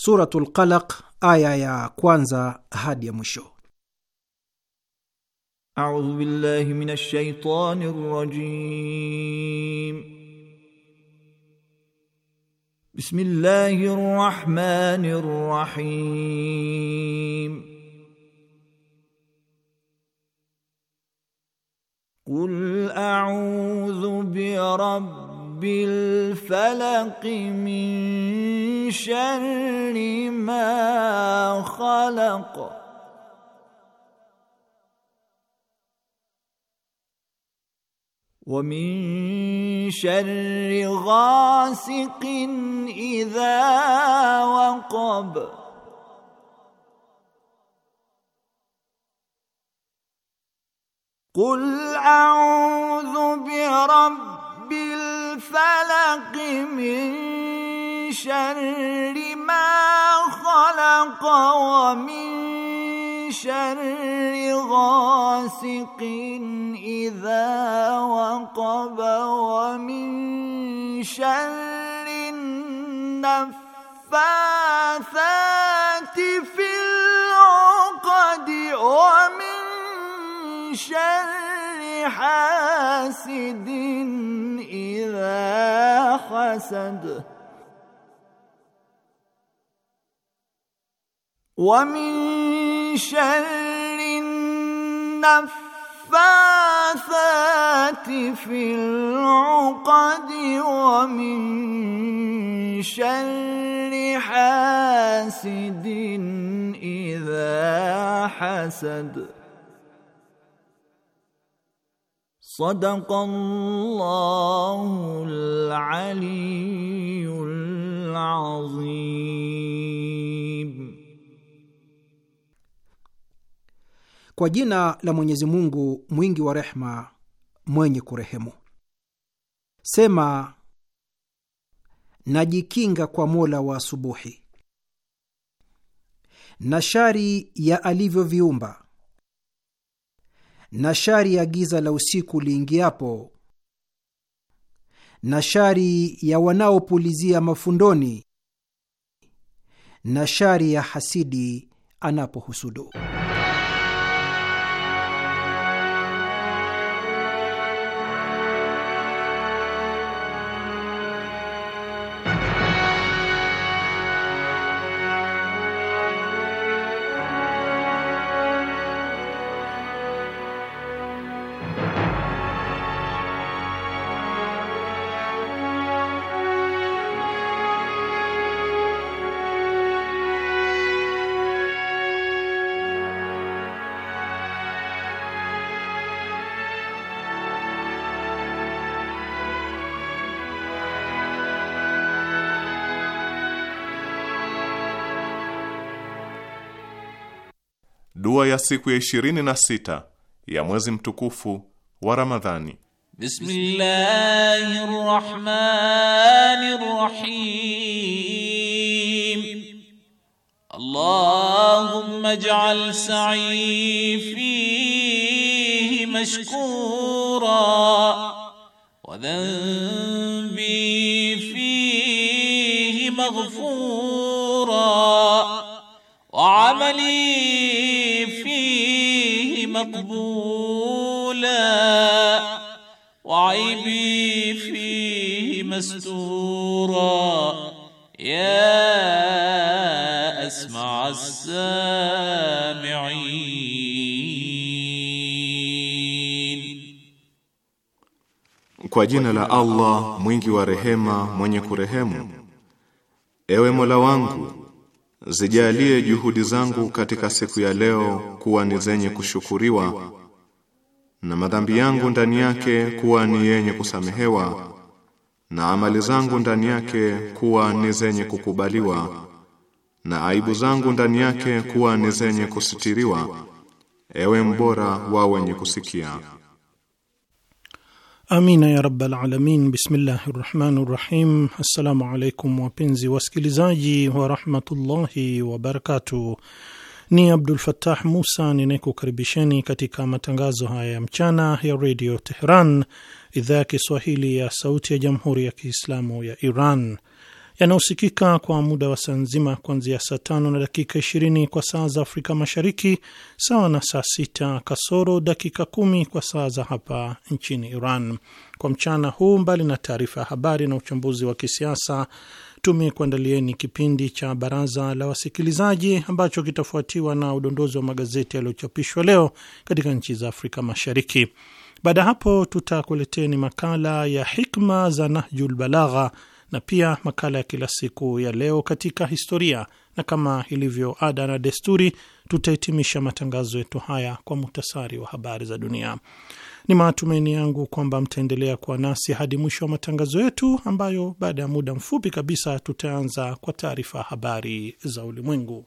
Suratul Qalaq aya ya kwanza hadi ya mwisho. A'udhu billahi minash shaitani rajim. Bismillahir rahmanir rahim. قل أعوذ برب رب الفلق من شر ما خلق ومن شر غاسق إذا وقب قل أعوذ برب بالفلق من شر ما خلق ومن شر غاسق إذا وقب ومن شر النفاثات في العقد ومن شر حاسد حسد ومن شر النفاثات في العقد ومن شر حاسد إذا حسد صدق الله العلي العظيم. Kwa jina la Mwenyezi Mungu mwingi wa rehema mwenye kurehemu. Sema, najikinga kwa Mola wa asubuhi na shari ya alivyoviumba na shari ya giza la usiku liingiapo, na shari ya wanaopulizia mafundoni, na shari ya hasidi anapohusudu. ya siku ya 26 ya mwezi mtukufu wa Ramadhani. Bismillahir Rahmanir Rahim. Allahumma ij'al sa'i fihi mashkura wa dhanbi مقبولا وعيبي فيه مستورا يا أسمع السامعين Kwa jina la Allah mwingi wa rehema mwenye kurehemu, ewe Mola wangu zijalie juhudi zangu katika siku ya leo kuwa ni zenye kushukuriwa na madhambi yangu ndani yake kuwa ni yenye kusamehewa na amali zangu ndani yake kuwa ni zenye kukubaliwa na aibu zangu ndani yake kuwa ni zenye kusitiriwa, ewe mbora wa wenye kusikia. Amina ya rabbal alamin. Bismillahi rahmani rahim. Assalamu alaikum wapenzi wasikilizaji warahmatullahi wabarakatuh. Ni Abdul Fattah Musa ninayekukaribisheni katika matangazo haya ya mchana ya redio Teheran, idhaa ya Kiswahili ya sauti ya jamhuri ya Kiislamu ya Iran yanayosikika kwa muda wa saa nzima kuanzia saa tano na dakika ishirini kwa saa za Afrika Mashariki, sawa na saa sita kasoro dakika kumi kwa saa za hapa nchini Iran. Kwa mchana huu, mbali na taarifa ya habari na uchambuzi wa kisiasa, tumekuandalieni kipindi cha Baraza la Wasikilizaji ambacho kitafuatiwa na udondozi wa magazeti yaliyochapishwa leo katika nchi za Afrika Mashariki. Baada ya hapo, tutakuleteni makala ya hikma za Nahjul Balagha na pia makala ya kila siku ya leo katika historia, na kama ilivyo ada na desturi, tutahitimisha matangazo yetu haya kwa muhtasari wa habari za dunia. Ni matumaini yangu kwamba mtaendelea kuwa nasi hadi mwisho wa matangazo yetu, ambayo baada ya muda mfupi kabisa tutaanza kwa taarifa habari za ulimwengu.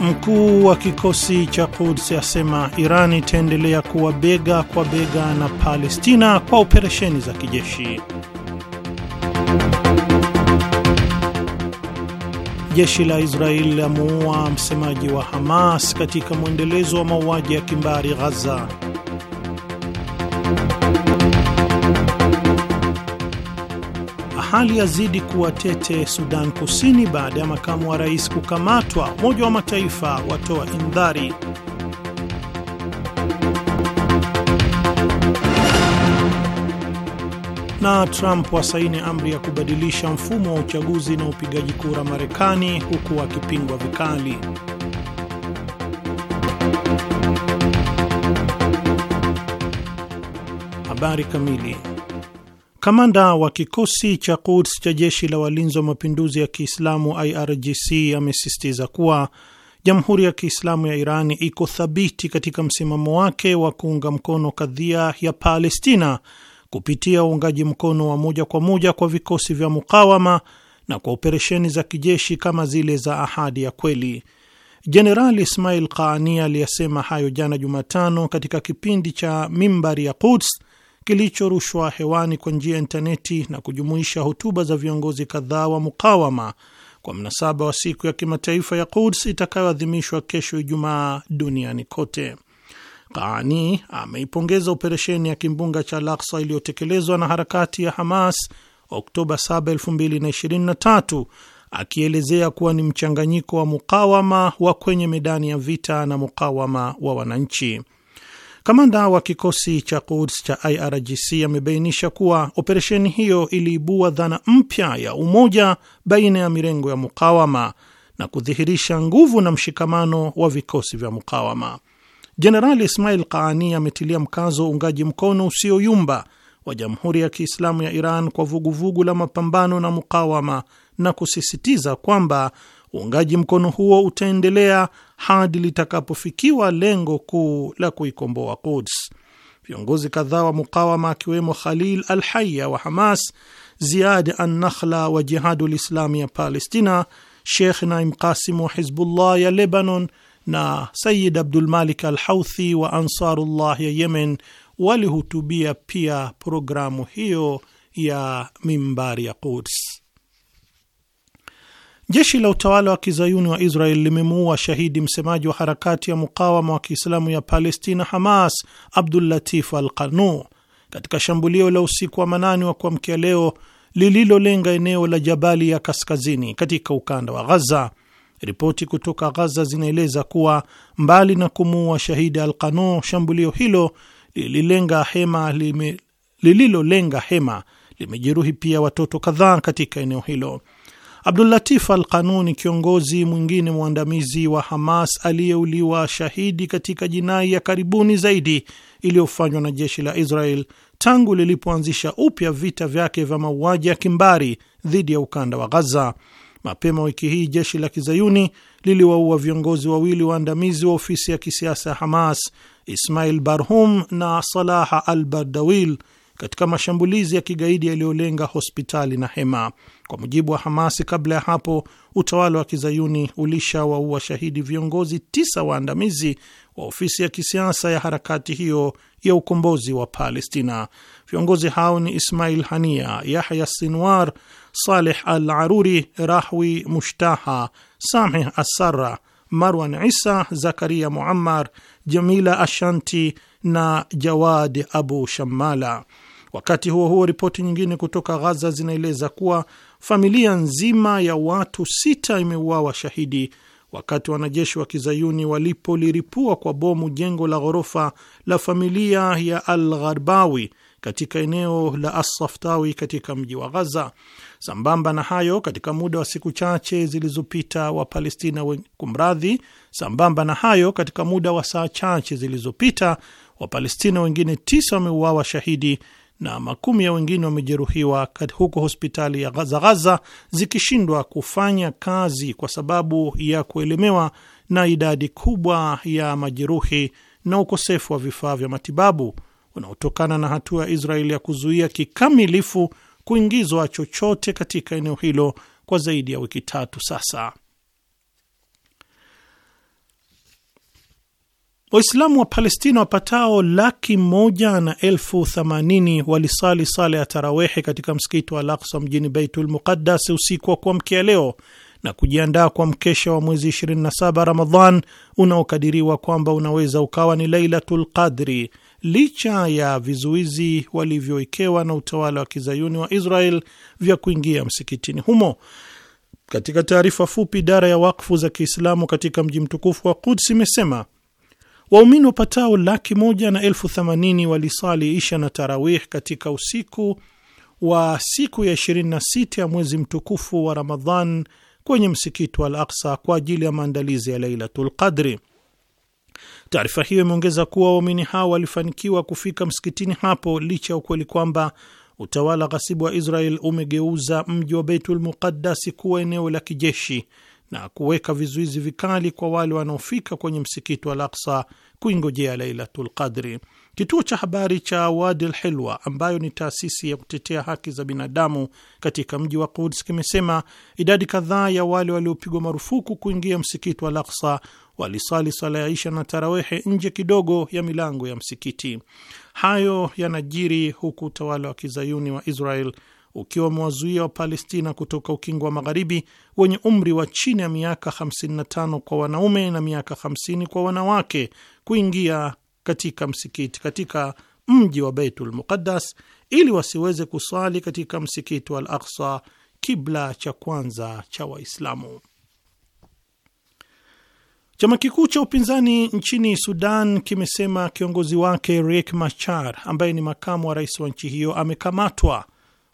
Mkuu wa kikosi cha Quds asema Iran itaendelea kuwa bega kwa bega na Palestina kwa operesheni za kijeshi. Jeshi la Israeli lamuua msemaji wa Hamas katika mwendelezo wa mauaji ya kimbari Ghaza. hali yazidi kuwa tete Sudan Kusini baada ya makamu wa rais kukamatwa. Umoja wa Mataifa watoa indhari. na Trump wasaini amri ya kubadilisha mfumo wa uchaguzi na upigaji kura Marekani, huku akipingwa vikali. Habari kamili Kamanda wa kikosi cha Quds cha jeshi la walinzi wa mapinduzi ya Kiislamu IRGC amesisitiza kuwa Jamhuri ya Kiislamu ya Iran iko thabiti katika msimamo wake wa kuunga mkono kadhia ya Palestina kupitia uungaji mkono wa moja kwa moja kwa vikosi vya mukawama na kwa operesheni za kijeshi kama zile za Ahadi ya Kweli. Jenerali Ismail Qaani aliyasema hayo jana Jumatano katika kipindi cha Mimbari ya Quds kilichorushwa hewani kwa njia ya intaneti na kujumuisha hotuba za viongozi kadhaa wa mukawama kwa mnasaba wa siku ya kimataifa ya Quds itakayoadhimishwa kesho Ijumaa duniani kote. Kaani ameipongeza operesheni ya kimbunga cha Al-Aqsa iliyotekelezwa na harakati ya Hamas Oktoba 7, 2023 akielezea kuwa ni mchanganyiko wa mukawama wa kwenye medani ya vita na mukawama wa wananchi. Kamanda wa kikosi cha Quds cha IRGC amebainisha kuwa operesheni hiyo iliibua dhana mpya ya umoja baina ya mirengo ya mukawama na kudhihirisha nguvu na mshikamano wa vikosi vya mukawama. Jenerali Ismail Qaani ametilia mkazo uungaji mkono usioyumba wa Jamhuri ya Kiislamu ya Iran kwa vuguvugu vugu la mapambano na mukawama na kusisitiza kwamba Uungaji mkono huo utaendelea hadi litakapofikiwa lengo kuu la kuikomboa Quds. Viongozi kadhaa wa mukawama akiwemo Khalil al Haya wa Hamas, Ziad an-Nakhla wa Jihadulislami ya Palestina, Sheikh Naim Qasim wa Hizbullah ya Lebanon na Sayid Abdulmalik al Houthi wa Ansarullah ya Yemen walihutubia pia programu hiyo ya Mimbari ya Quds. Jeshi la utawala wa kizayuni wa Israel limemuua shahidi msemaji wa harakati ya mukawama wa kiislamu ya Palestina, Hamas, Abdul Latif al qanu katika shambulio la usiku wa manane wa kuamkia leo lililolenga eneo la Jabali ya kaskazini katika ukanda wa Ghaza. Ripoti kutoka Ghaza zinaeleza kuwa mbali na kumuua shahidi al Qanu, shambulio hilo lililolenga hema, lime, lililolenga hema limejeruhi pia watoto kadhaa katika eneo hilo. Abdulatif Al Qanuni, kiongozi mwingine mwandamizi wa Hamas aliyeuliwa shahidi katika jinai ya karibuni zaidi iliyofanywa na jeshi la Israel tangu lilipoanzisha upya vita vyake vya mauaji ya kimbari dhidi ya ukanda wa Ghaza. Mapema wiki hii jeshi la kizayuni liliwaua viongozi wawili waandamizi wa ofisi ya kisiasa ya Hamas, Ismail Barhum na Salaha Al Bardawil katika mashambulizi ya kigaidi yaliyolenga hospitali na hema. Kwa mujibu wa Hamasi, kabla ya hapo utawala wa kizayuni ulishawaua shahidi viongozi tisa waandamizi wa ofisi ya kisiasa ya harakati hiyo ya ukombozi wa Palestina. Viongozi hao ni Ismail Hania, Yahya Sinwar, Saleh Al Aruri, Rahwi Mushtaha, Sameh Assara, Marwan Isa, Zakaria Muammar, Jamila Ashanti na Jawad Abu shamala Wakati huo huo, ripoti nyingine kutoka Ghaza zinaeleza kuwa familia nzima ya watu sita imeuawa shahidi wakati wanajeshi wa kizayuni walipoliripua kwa bomu jengo la ghorofa la familia ya Al Gharbawi katika eneo la asaftawi katika mji wa Ghaza. Sambamba na hayo, katika muda wa siku chache zilizopita Wapalestina kumradhi, sambamba na hayo, katika muda wa saa chache zilizopita Wapalestina wengine tisa wameuawa shahidi na makumi ya wengine wamejeruhiwa huko hospitali ya za Ghaza zikishindwa kufanya kazi kwa sababu ya kuelemewa na idadi kubwa ya majeruhi na ukosefu wa vifaa vya matibabu unaotokana na hatua ya Israeli ya kuzuia kikamilifu kuingizwa chochote katika eneo hilo kwa zaidi ya wiki tatu sasa. Waislamu wa Palestina wapatao laki moja na elfu themanini walisali sala ya tarawehi katika msikiti wa Al-Aqsa mjini Baitul Muqaddas usiku wa kuamkia leo na kujiandaa kwa mkesha wa mwezi 27 Ramadhan unaokadiriwa kwamba unaweza ukawa ni Lailatul Qadri licha ya vizuizi walivyowekewa na utawala wa kizayuni wa Israel vya kuingia msikitini humo. Katika taarifa fupi, idara ya wakfu za Kiislamu katika mji mtukufu wa Quds imesema Waumini wapatao laki moja na elfu themanini walisali isha na tarawih katika usiku wa siku ya 26 ya mwezi mtukufu wa Ramadhan kwenye msikiti wa Al Aksa kwa ajili ya maandalizi ya Lailatu Lqadri. Taarifa hiyo imeongeza kuwa waumini hao walifanikiwa kufika msikitini hapo licha ya ukweli kwamba utawala ghasibu wa Israel umegeuza mji wa Beitul Muqaddasi kuwa eneo la kijeshi na kuweka vizuizi vikali kwa wale wanaofika kwenye msikiti wa Al-Aqsa kuingojea Lailatul Qadri. Kituo cha habari cha Wadi Lhilwa, ambayo ni taasisi ya kutetea haki za binadamu katika mji wa Quds, kimesema idadi kadhaa ya wale waliopigwa marufuku kuingia msikiti wa Laksa walisali sala ya isha na tarawehe nje kidogo ya milango ya msikiti. Hayo yanajiri huku utawala wa kizayuni wa Israel ukiwa umewazuia Wapalestina kutoka ukingo wa magharibi wenye umri wa chini ya miaka 55 kwa wanaume na miaka 50 kwa wanawake kuingia katika msikiti katika mji wa Baitul Muqaddas ili wasiweze kuswali katika msikiti wa Al Aksa, kibla cha kwanza cha Waislamu. Chama kikuu cha upinzani nchini Sudan kimesema kiongozi wake Riek Machar ambaye ni makamu wa rais wa nchi hiyo amekamatwa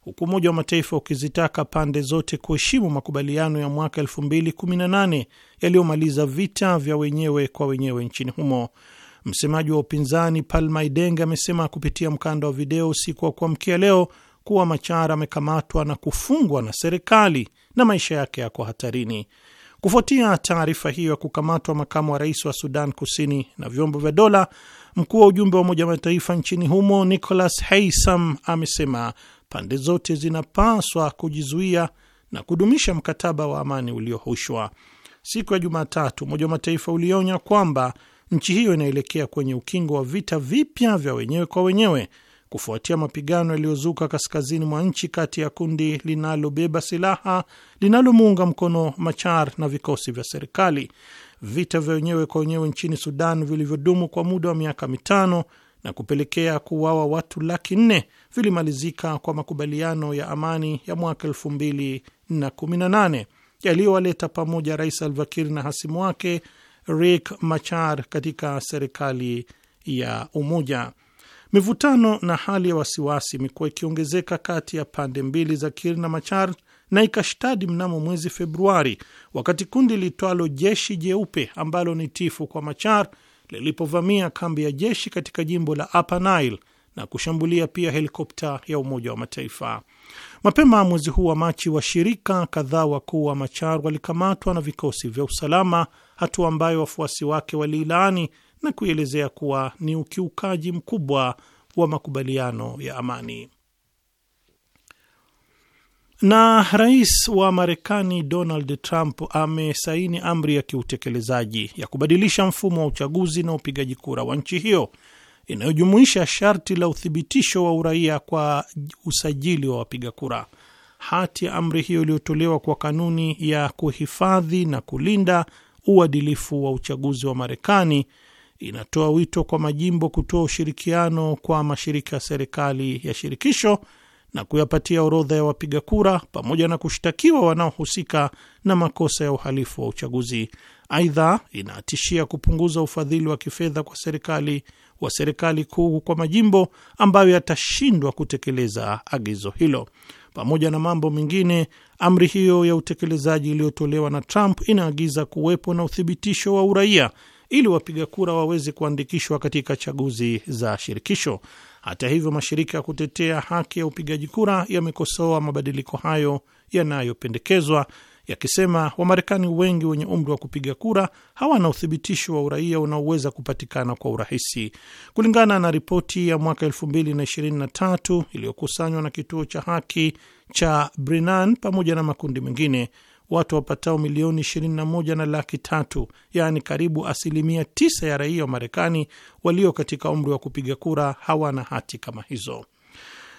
huku Umoja wa Mataifa ukizitaka pande zote kuheshimu makubaliano ya mwaka 2018 yaliyomaliza vita vya wenyewe kwa wenyewe nchini humo. Msemaji wa upinzani Palma Idenge amesema kupitia mkanda wa video usiku wa kuamkia leo kuwa Machar amekamatwa na kufungwa na serikali na maisha yake yako hatarini. Kufuatia taarifa hiyo ya kukamatwa makamu wa rais wa Sudan Kusini na vyombo vya dola, mkuu wa ujumbe wa Umoja wa Mataifa nchini humo Nicholas Heisam amesema pande zote zinapaswa kujizuia na kudumisha mkataba wa amani uliohushwa. Siku ya Jumatatu, Umoja wa Mataifa ulionya kwamba nchi hiyo inaelekea kwenye ukingo wa vita vipya vya wenyewe kwa wenyewe kufuatia mapigano yaliyozuka kaskazini mwa nchi kati ya kundi linalobeba silaha linalomuunga mkono Machar na vikosi vya serikali. Vita vya wenyewe kwa wenyewe nchini Sudan vilivyodumu kwa muda wa miaka mitano na kupelekea kuuawa watu laki nne vilimalizika kwa makubaliano ya amani ya mwaka elfu mbili na kumi na nane yaliyowaleta pamoja Rais Alvakir na hasimu wake rik Machar katika serikali ya umoja. Mivutano na hali ya wasiwasi imekuwa ikiongezeka kati ya pande mbili za Kir na Machar na ikashtadi mnamo mwezi Februari, wakati kundi litwalo jeshi jeupe ambalo ni tifu kwa Machar lilipovamia kambi ya jeshi katika jimbo la Upper Nile na kushambulia pia helikopta ya Umoja wa Mataifa. Mapema mwezi huu wa Machi, washirika kadhaa wakuu wa Machar walikamatwa na vikosi vya usalama, hatua ambayo wafuasi wake waliilaani na kuielezea kuwa ni ukiukaji mkubwa wa makubaliano ya amani. Na rais wa Marekani Donald Trump amesaini amri ya kiutekelezaji ya kubadilisha mfumo wa uchaguzi na upigaji kura wa nchi hiyo inayojumuisha sharti la uthibitisho wa uraia kwa usajili wa wapiga kura. Hati ya amri hiyo iliyotolewa kwa kanuni ya kuhifadhi na kulinda uadilifu wa uchaguzi wa Marekani inatoa wito kwa majimbo kutoa ushirikiano kwa mashirika ya serikali ya shirikisho na kuyapatia orodha ya wapiga kura pamoja na kushtakiwa wanaohusika na makosa ya uhalifu wa uchaguzi. Aidha, inatishia kupunguza ufadhili wa kifedha kwa serikali wa serikali kuu kwa majimbo ambayo yatashindwa kutekeleza agizo hilo. Pamoja na mambo mengine, amri hiyo ya utekelezaji iliyotolewa na Trump inaagiza kuwepo na uthibitisho wa uraia ili wapiga kura waweze kuandikishwa katika chaguzi za shirikisho. Hata hivyo, mashirika ya kutetea haki ya upigaji kura yamekosoa mabadiliko hayo yanayopendekezwa yakisema Wamarekani wengi wenye umri wa kupiga kura hawana uthibitisho wa uraia unaoweza kupatikana kwa urahisi. Kulingana na ripoti ya mwaka 2023 iliyokusanywa na kituo cha haki cha Brennan pamoja na makundi mengine, watu wapatao milioni 21 na laki tatu, yaani karibu asilimia 9 ya raia wa Marekani walio katika umri wa kupiga kura hawana hati kama hizo.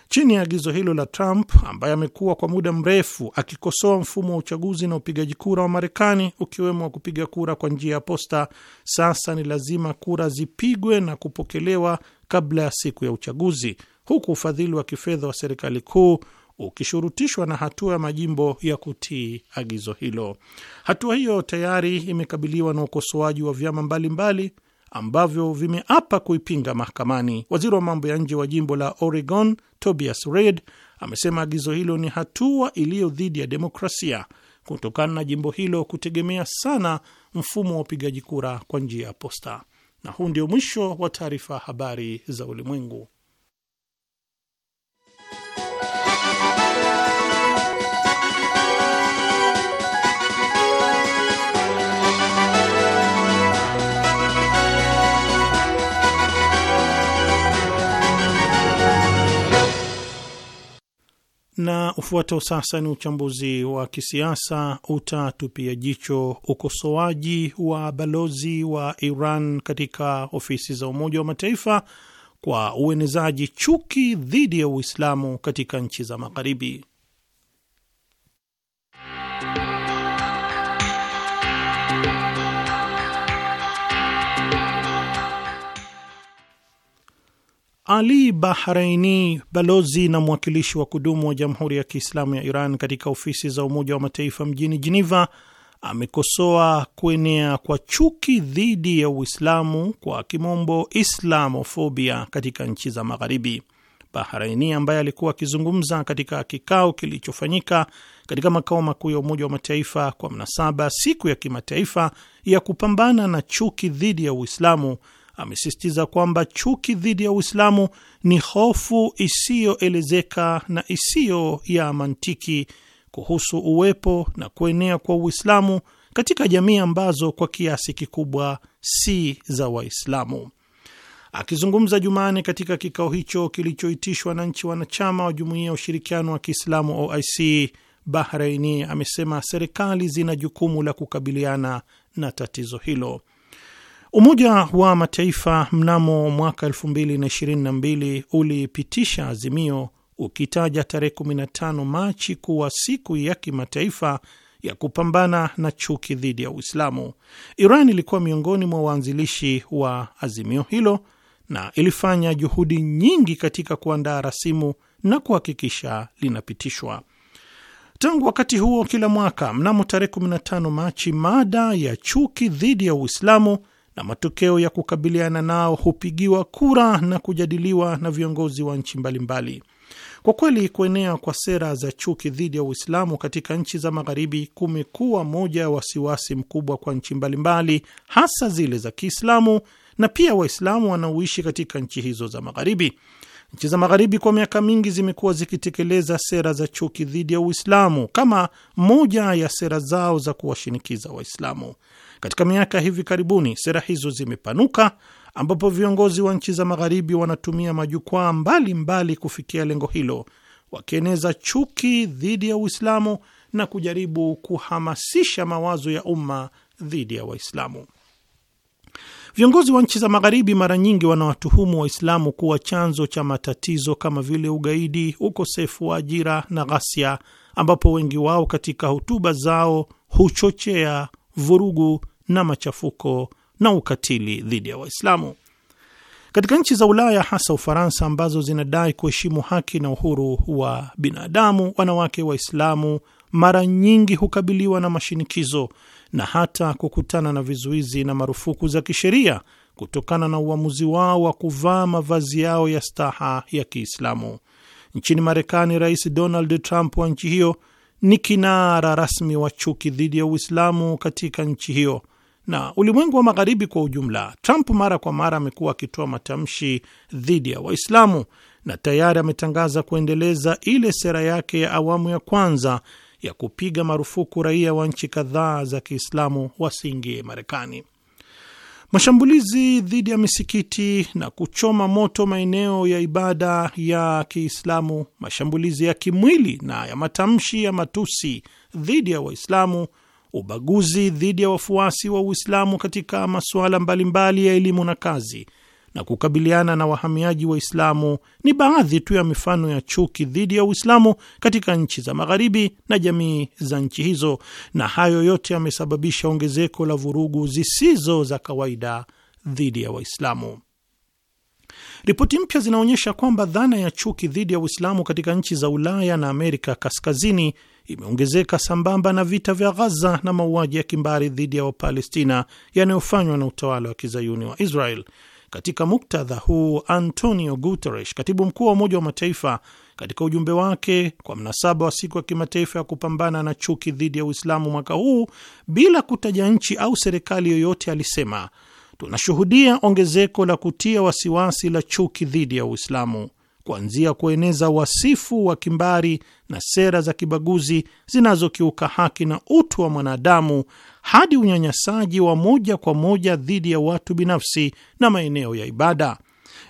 Chini ya agizo hilo la Trump, ambaye amekuwa kwa muda mrefu akikosoa mfumo wa uchaguzi na upigaji kura wa Marekani, ukiwemo wa kupiga kura kwa njia ya posta, sasa ni lazima kura zipigwe na kupokelewa kabla ya siku ya uchaguzi, huku ufadhili wa kifedha wa serikali kuu ukishurutishwa na hatua ya majimbo ya kutii agizo hilo. Hatua hiyo tayari imekabiliwa na ukosoaji wa vyama mbalimbali mbali ambavyo vimeapa kuipinga mahakamani. Waziri wa mambo ya nje wa jimbo la Oregon, Tobias Reid, amesema agizo hilo ni hatua iliyo dhidi ya demokrasia kutokana na jimbo hilo kutegemea sana mfumo wa upigaji kura kwa njia ya posta. Na huu ndio mwisho wa taarifa habari za ulimwengu. na ufuatao sasa ni uchambuzi wa kisiasa utatupia jicho ukosoaji wa balozi wa Iran katika ofisi za Umoja wa Mataifa kwa uenezaji chuki dhidi ya Uislamu katika nchi za Magharibi. Ali Bahraini, balozi na mwakilishi wa kudumu wa Jamhuri ya Kiislamu ya Iran katika ofisi za Umoja wa Mataifa mjini Jeneva, amekosoa kuenea kwa chuki dhidi ya Uislamu, kwa kimombo islamofobia, katika nchi za Magharibi. Bahraini ambaye alikuwa akizungumza katika kikao kilichofanyika katika makao makuu ya Umoja wa Mataifa kwa mnasaba siku ya kimataifa ya kupambana na chuki dhidi ya Uislamu amesisitiza kwamba chuki dhidi ya Uislamu ni hofu isiyoelezeka na isiyo ya mantiki kuhusu uwepo na kuenea kwa Uislamu katika jamii ambazo kwa kiasi kikubwa si za Waislamu. Akizungumza Jumane katika kikao hicho kilichoitishwa na nchi wanachama wa Jumuiya ya Ushirikiano wa Kiislamu OIC, Bahraini amesema serikali zina jukumu la kukabiliana na tatizo hilo. Umoja wa Mataifa mnamo mwaka 2022 ulipitisha azimio ukitaja tarehe 15 Machi kuwa siku ya kimataifa ya kupambana na chuki dhidi ya Uislamu. Iran ilikuwa miongoni mwa waanzilishi wa azimio hilo na ilifanya juhudi nyingi katika kuandaa rasimu na kuhakikisha linapitishwa. Tangu wakati huo, kila mwaka mnamo tarehe 15 Machi, mada ya chuki dhidi ya Uislamu na matokeo ya kukabiliana nao hupigiwa kura na kujadiliwa na viongozi wa nchi mbalimbali. Kwa kweli kuenea kwa sera za chuki dhidi ya Uislamu katika nchi za Magharibi kumekuwa moja ya wasiwasi mkubwa kwa nchi mbalimbali, hasa zile za Kiislamu na pia Waislamu wanaoishi katika nchi hizo za Magharibi. Nchi za Magharibi kwa miaka mingi zimekuwa zikitekeleza sera za chuki dhidi ya Uislamu kama moja ya sera zao za kuwashinikiza Waislamu. Katika miaka hivi karibuni, sera hizo zimepanuka, ambapo viongozi wa nchi za Magharibi wanatumia majukwaa mbalimbali kufikia lengo hilo, wakieneza chuki dhidi ya Uislamu na kujaribu kuhamasisha mawazo ya umma dhidi ya Waislamu. Viongozi wa nchi za Magharibi mara nyingi wanawatuhumu Waislamu kuwa chanzo cha matatizo kama vile ugaidi, ukosefu wa ajira na ghasia, ambapo wengi wao katika hotuba zao huchochea vurugu na machafuko na ukatili dhidi ya Waislamu katika nchi za Ulaya, hasa Ufaransa, ambazo zinadai kuheshimu haki na uhuru wa binadamu. Wanawake Waislamu mara nyingi hukabiliwa na mashinikizo na hata kukutana na vizuizi na marufuku za kisheria kutokana na uamuzi wao wa kuvaa mavazi yao ya staha ya Kiislamu. Nchini Marekani, Rais Donald Trump wa nchi hiyo ni kinara rasmi wa chuki dhidi ya Uislamu katika nchi hiyo na ulimwengu wa magharibi kwa ujumla. Trump mara kwa mara amekuwa akitoa matamshi dhidi ya Waislamu na tayari ametangaza kuendeleza ile sera yake ya awamu ya kwanza ya kupiga marufuku raia wa nchi kadhaa za Kiislamu wasiingie Marekani. Mashambulizi dhidi ya misikiti na kuchoma moto maeneo ya ibada ya Kiislamu, mashambulizi ya kimwili na ya matamshi ya matusi dhidi ya Waislamu, ubaguzi dhidi ya wafuasi wa Uislamu katika masuala mbalimbali ya elimu na kazi na kukabiliana na wahamiaji Waislamu ni baadhi tu ya mifano ya chuki dhidi ya Uislamu katika nchi za Magharibi na jamii za nchi hizo, na hayo yote yamesababisha ongezeko la vurugu zisizo za kawaida dhidi ya Waislamu. Ripoti mpya zinaonyesha kwamba dhana ya chuki dhidi ya Uislamu katika nchi za Ulaya na Amerika Kaskazini imeongezeka sambamba na vita vya Ghaza na mauaji ya kimbari dhidi ya Wapalestina yanayofanywa na utawala wa kizayuni wa Israel. Katika muktadha huu, Antonio Guterres, katibu mkuu wa Umoja wa Mataifa, katika ujumbe wake kwa mnasaba wa siku ya kimataifa ya kupambana na chuki dhidi ya Uislamu mwaka huu, bila kutaja nchi au serikali yoyote, alisema tunashuhudia ongezeko la kutia wasiwasi la chuki dhidi ya Uislamu kuanzia kueneza wasifu wa kimbari na sera za kibaguzi zinazokiuka haki na utu wa mwanadamu hadi unyanyasaji wa moja kwa moja dhidi ya watu binafsi na maeneo ya ibada.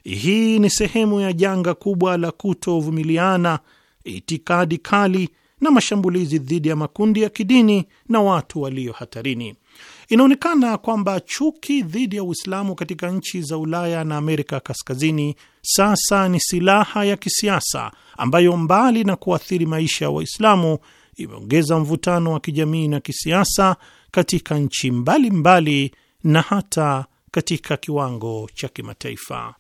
Hii ni sehemu ya janga kubwa la kutovumiliana, itikadi kali na mashambulizi dhidi ya makundi ya kidini na watu walio hatarini. Inaonekana kwamba chuki dhidi ya Uislamu katika nchi za Ulaya na Amerika Kaskazini sasa ni silaha ya kisiasa ambayo mbali na kuathiri maisha ya wa Waislamu imeongeza mvutano wa kijamii na kisiasa katika nchi mbalimbali mbali na hata katika kiwango cha kimataifa.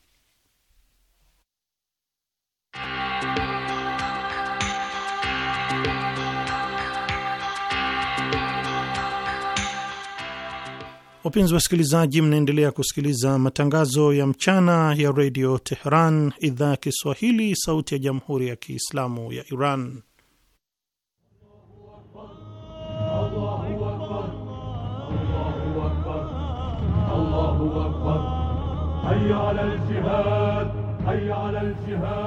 Wapenzi wasikilizaji, mnaendelea kusikiliza matangazo ya mchana ya redio Tehran, idhaa ya Kiswahili, sauti ya jamhuri ya kiislamu ya Iran.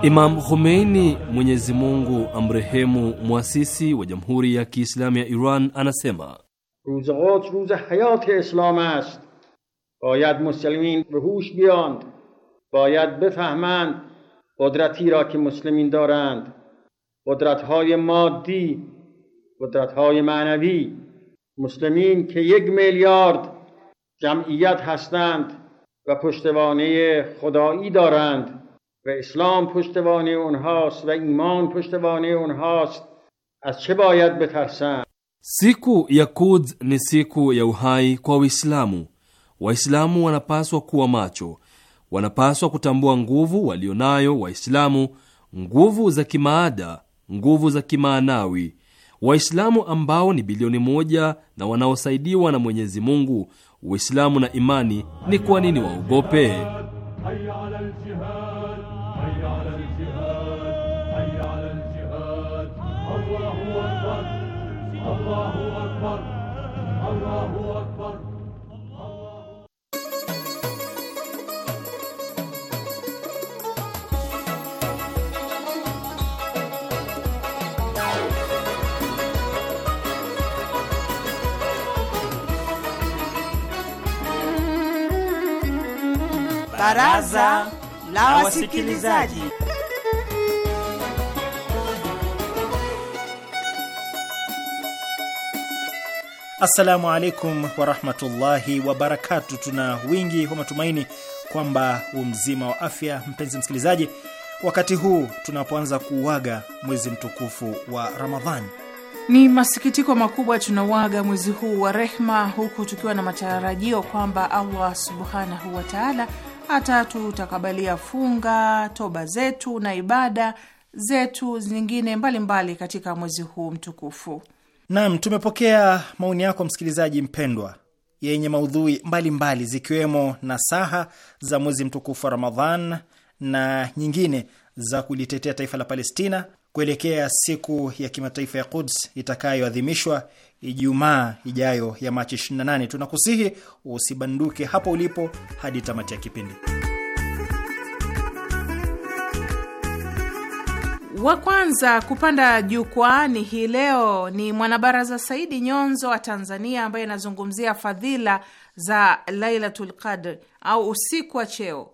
Imam Khomeini, Mwenyezi Mungu amrehemu, mwasisi wa jamhuri ya kiislamu ya Iran, anasema روز قدس روز حیات اسلام است باید مسلمین به هوش بیاند باید بفهمند قدرتی را که مسلمین دارند قدرتهای مادی قدرتهای معنوی مسلمین که یک میلیارد جمعیت هستند و پشتوانه خدایی دارند و اسلام پشتوانه اونهاست و ایمان پشتوانه اونهاست از چه باید بترسند Siku ya Quds ni siku ya uhai kwa Uislamu. Waislamu wanapaswa kuwa macho, wanapaswa kutambua nguvu walionayo Waislamu, nguvu za kimaada, nguvu za kimaanawi. Waislamu ambao ni bilioni moja na wanaosaidiwa na Mwenyezi Mungu, Uislamu na imani, ni kwa nini waogope? Baraza la Wasikilizaji. Assalamu alaikum warahmatullahi wabarakatu. Tuna wingi wa matumaini kwamba umzima wa afya, mpenzi msikilizaji, wakati huu tunapoanza kuuaga mwezi mtukufu wa Ramadhani. Ni masikitiko makubwa tunauaga mwezi huu wa rehma, huku tukiwa na matarajio kwamba Allah subhanahu wa taala tutakabalia funga, toba zetu na ibada zetu zingine mbalimbali mbali katika mwezi huu mtukufu. Naam, tumepokea maoni yako msikilizaji mpendwa, yenye maudhui mbalimbali mbali, zikiwemo nasaha za mwezi mtukufu wa Ramadhan na nyingine za kulitetea taifa la Palestina kuelekea siku ya kimataifa ya Quds itakayoadhimishwa Ijumaa ijayo ya Machi 28. Tunakusihi usibanduke hapo ulipo hadi tamati ya kipindi. Wa kwanza kupanda jukwani hii leo ni mwanabaraza Saidi Nyonzo wa Tanzania, ambaye anazungumzia fadhila za Lailatul Qadr au usiku wa cheo.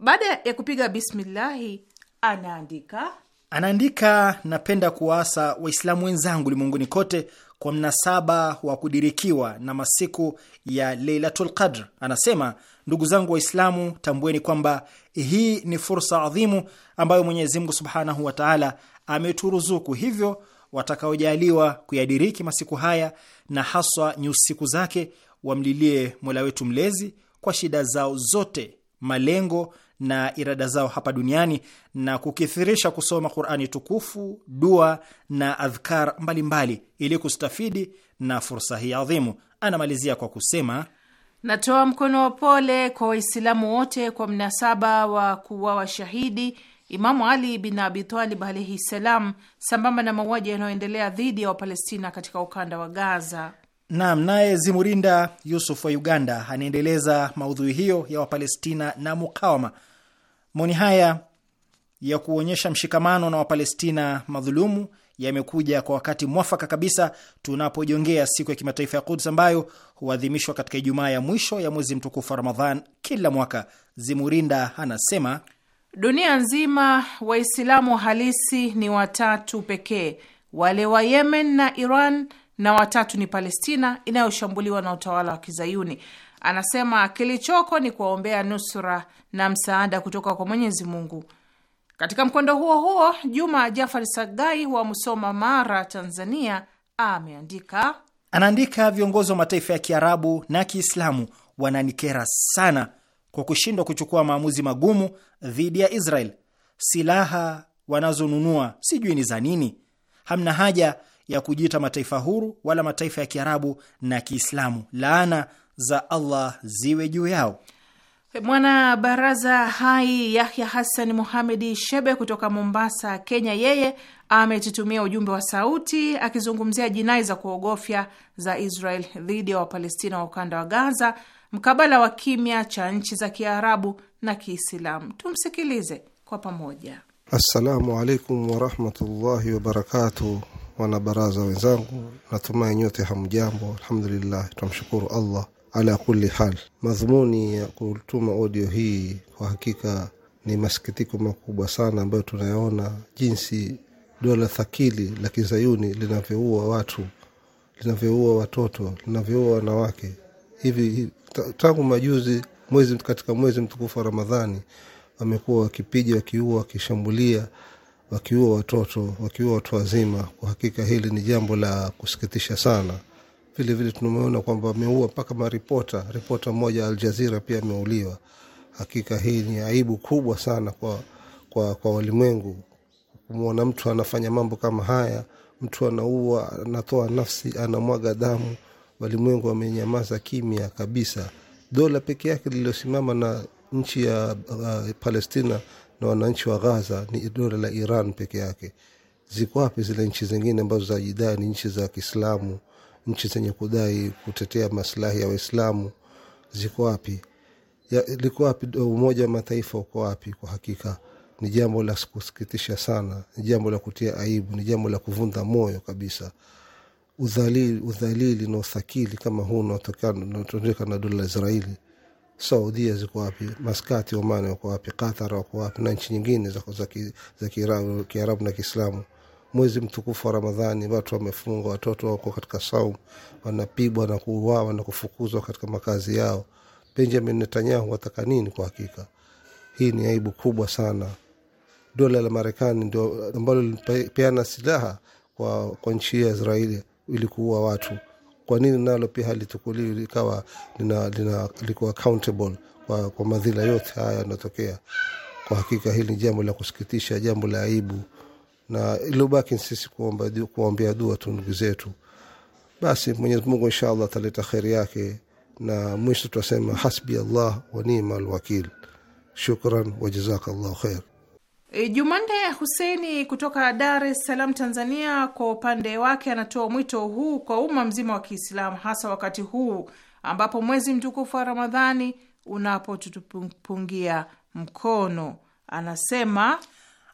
Baada ya kupiga bismillahi, anaandika anaandika, napenda kuwaasa Waislamu wenzangu limwenguni kote kwa mnasaba wa kudirikiwa na masiku ya Leilatul Qadr, anasema ndugu zangu Waislamu, tambueni kwamba hii ni fursa adhimu ambayo Mwenyezi Mungu subhanahu wa taala ameturuzuku. Hivyo watakaojaliwa kuyadiriki masiku haya na haswa nyusiku zake, wamlilie mola wetu mlezi kwa shida zao zote, malengo na irada zao hapa duniani na kukithirisha kusoma Qurani tukufu, dua na adhkar mbalimbali ili kustafidi na fursa hii adhimu. Anamalizia kwa kusema natoa mkono wa pole kwa Waislamu wote kwa mnasaba wa kuwa washahidi Imamu Ali bin Abitalib alaihi ssalam, sambamba na mauaji yanayoendelea dhidi ya Wapalestina katika ukanda wa Gaza. Naam, naye Zimurinda Yusuf wa Uganda anaendeleza maudhui hiyo ya Wapalestina na mukawama Maoni haya ya kuonyesha mshikamano na Wapalestina madhulumu yamekuja kwa wakati mwafaka kabisa tunapojongea siku ya kimataifa ya Quds ambayo huadhimishwa katika Ijumaa ya mwisho ya mwezi mtukufu wa Ramadhan kila mwaka. Zimurinda anasema dunia nzima Waislamu halisi ni watatu pekee, wale wa Yemen na Iran, na watatu ni Palestina inayoshambuliwa na utawala wa Kizayuni. Anasema kilichoko ni kuwaombea nusra na msaada kutoka kwa Mwenyezi Mungu. Katika mkondo huo huo, Juma Jafari Sagai wa Musoma, Mara, Tanzania, ameandika anaandika, viongozi wa mataifa ya Kiarabu na Kiislamu wananikera sana kwa kushindwa kuchukua maamuzi magumu dhidi ya Israel. Silaha wanazonunua sijui ni za nini. Hamna haja ya kujiita mataifa huru wala mataifa ya Kiarabu na Kiislamu. Laana za Allah ziwe juu yao. Mwana baraza hai Yahya Hassan Muhamedi Shebe kutoka Mombasa, Kenya, yeye ametutumia ujumbe wa sauti akizungumzia jinai za kuogofya za Israel dhidi ya Wapalestina wa ukanda wa Gaza mkabala wa kimya cha nchi za Kiarabu na Kiislamu. Tumsikilize kwa pamoja. Assalamu alaikum warahmatullahi wabarakatuh. Wanabaraza wenzangu, natumai nyote hamjambo. Alhamdulillah, tunamshukuru Allah ala kuli hal, madhumuni ya kutuma audio hii kwa hakika ni masikitiko makubwa sana ambayo tunayaona jinsi dola thakili la kizayuni linavyoua watu, linavyoua watoto, linavyoua wanawake. Hivi tangu majuzi, mwezi katika mwezi mtukufu wa Ramadhani, wamekuwa wakipiga, wakiua, wakishambulia, wakiua watoto, wakiua watu wazima. Kwa hakika hili ni jambo la kusikitisha sana. Vilevile tumeona kwamba ameua mpaka maripota, ripota mmoja Al Jazira pia ameuliwa. Hakika hii ni aibu kubwa sana kwa, kwa, kwa walimwengu kumwona mtu anafanya mambo kama haya, mtu anaua, anatoa nafsi, anamwaga damu. Walimwengu wamenyamaza kimya kabisa. Dola peke yake lililosimama na nchi ya uh, Palestina na wananchi wa ghaza ni dola la Iran peke yake. Ziko wapi zile nchi zingine ambazo zajidaa ni nchi za Kiislamu nchi zenye kudai kutetea maslahi ya Waislamu ziko wapi? Liko wapi? Umoja wa Mataifa uko wapi? Kwa hakika ni jambo la kusikitisha sana, ni jambo la kutia aibu, ni jambo la kuvunja moyo kabisa. Udhalili, udhalili na uthakili kama huu unaotendeka na dola la Israeli. Saudia ziko wapi? Maskati Omani wako wapi? Qatar wako wapi? na nchi nyingine za Kiarabu na Kiislamu. ki mwezi mtukufu wa Ramadhani, watu wamefungwa, watoto wako katika saum, wanapigwa na kuuawa na kufukuzwa katika makazi yao. Benjamin Netanyahu wataka nini? Kwa hakika hii ni aibu kubwa sana. Dola la Marekani ndio ambalo lilipeana silaha kwa, kwa nchi ya Israeli ili kuua watu. Kwa nini nalo pia halitukuliwi likawa liko accountable kwa, kwa madhila yote haya yanayotokea? Kwa hakika hili ni jambo la kusikitisha, jambo la aibu na iliyobaki sisi kuwaombea dua tu ndugu zetu. Basi Mwenyezi Mungu insha allah ataleta kheri yake, na mwisho tutasema hasbi Allah wa nima alwakil. Shukran wa jazakallahu khair. E, Jumanne Huseini kutoka Dar es Salaam, Tanzania, kwa upande wake anatoa mwito huu kwa umma mzima wa Kiislamu, hasa wakati huu ambapo mwezi mtukufu wa Ramadhani unapotupungia mkono. Anasema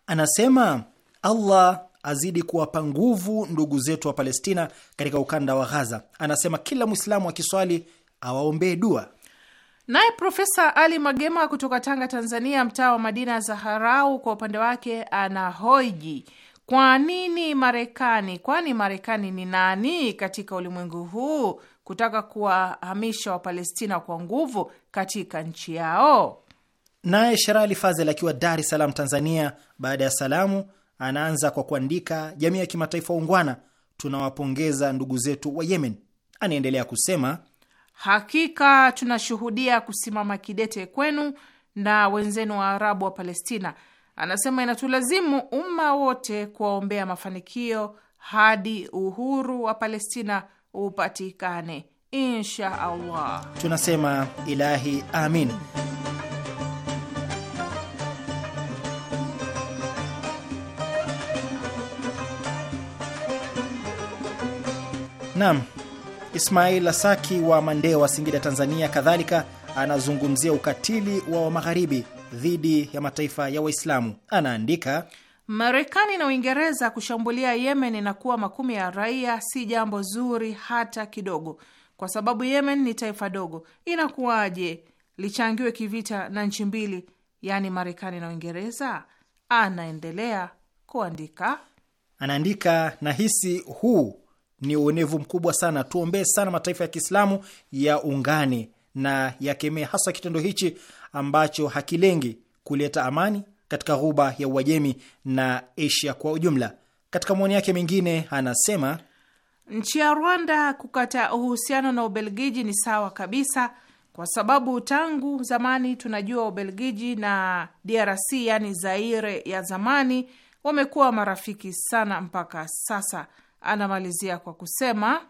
anasema Allah azidi kuwapa nguvu ndugu zetu wa Palestina katika ukanda wa Ghaza. Anasema kila mwislamu akiswali awaombee dua. Naye Profesa Ali Magema kutoka Tanga, Tanzania, mtaa wa Madina ya Zaharau, kwa upande wake anahoji kwa nini Marekani, kwani Marekani ni nani katika ulimwengu huu kutaka kuwahamisha Wapalestina kwa nguvu katika nchi yao? Naye Sherali Fazel akiwa Dar es Salaam, Tanzania, baada ya salamu Anaanza kwa kuandika, jamii ya kimataifa waungwana, tunawapongeza ndugu zetu wa Yemen. Anaendelea kusema, hakika tunashuhudia kusimama kidete kwenu na wenzenu wa Arabu wa Palestina. Anasema inatulazimu umma wote kuwaombea mafanikio hadi uhuru wa Palestina upatikane, insha Allah. Tunasema ilahi amin. Naam, Ismail Asaki wa mandeo wa Singida, Tanzania, kadhalika anazungumzia ukatili wa wamagharibi dhidi ya mataifa ya Waislamu. Anaandika, Marekani na Uingereza kushambulia Yemen na kuwa makumi ya raia si jambo zuri hata kidogo, kwa sababu Yemen ni taifa dogo. Inakuwaje lichangiwe kivita na nchi mbili, yaani Marekani na Uingereza? Anaendelea kuandika, anaandika nahisi huu ni uonevu mkubwa sana. Tuombee sana mataifa ya Kiislamu yaungane na yakemee hasa kitendo hichi ambacho hakilengi kuleta amani katika ghuba ya Uajemi na Asia kwa ujumla. Katika maoni yake mengine anasema nchi ya Rwanda kukata uhusiano na Ubelgiji ni sawa kabisa, kwa sababu tangu zamani tunajua Ubelgiji na DRC yaani Zaire ya zamani wamekuwa marafiki sana mpaka sasa. Anamalizia kwa kusema,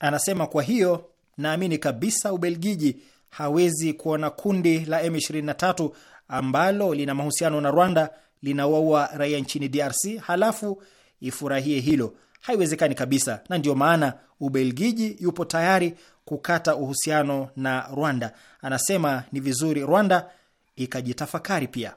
anasema kwa hiyo naamini kabisa Ubelgiji hawezi kuona kundi la M23 ambalo lina mahusiano na Rwanda linawaua raia nchini DRC halafu ifurahie hilo. Haiwezekani kabisa, na ndiyo maana Ubelgiji yupo tayari kukata uhusiano na Rwanda. Anasema ni vizuri Rwanda ikajitafakari pia.